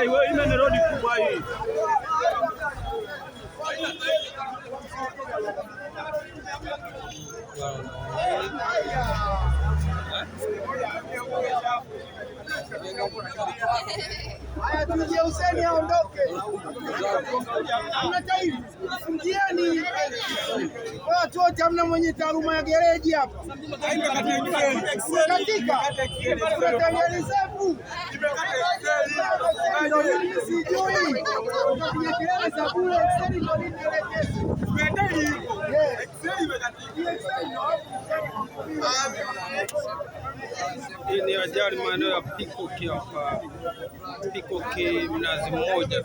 Hiyo ile ni rodi kubwa hii. Haya, tujie Huseni aondoke. Mnatairi mjiani. watu wote, hamna mwenye taaluma ya gereji hapa. Katika sijui tunapiga kelele hii ni ajali maeneo ya Pikoki hapa, Pikoki Mnazi Mmoja.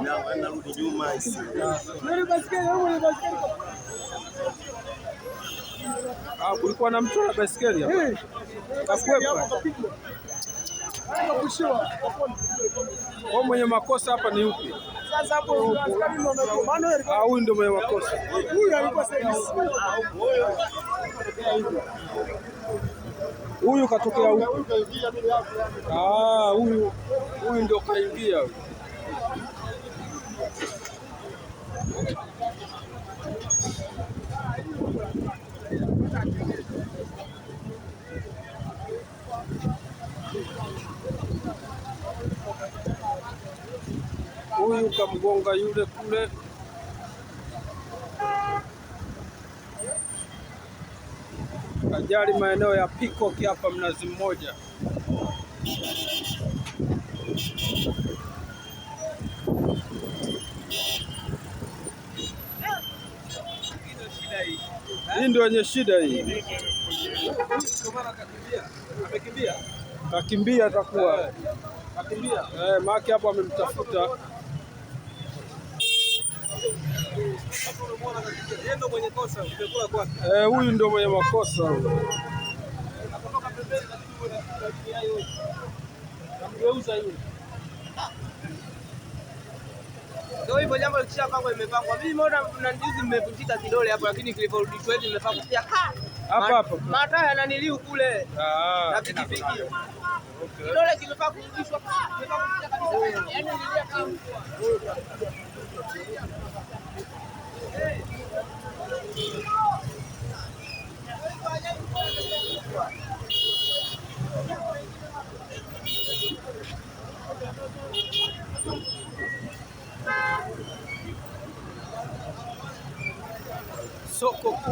na ah, narudi nyuma kulikuwa na mtu na baiskeli kakwepa. mwenye makosa hapa ni upi? Ah, huyu ndio mwenye makosa. Huyu katokea huku, ah, huyu huyu ndio kaingia. Huyu kamgonga yule kule. ajali maeneo ya Pikoki hapa Mnazi Mmoja. Hii ndio yenye shida hii, kakimbia takuwa eh, maake hapo amemtafuta Eh, huyu ndio mwenye makosa jambo na kidole hapo lakini Hapa hapa. Mataa yananiliu kule. Ah. Na pikipiki. Kidole kimefaa kurudishwa Yaani nilia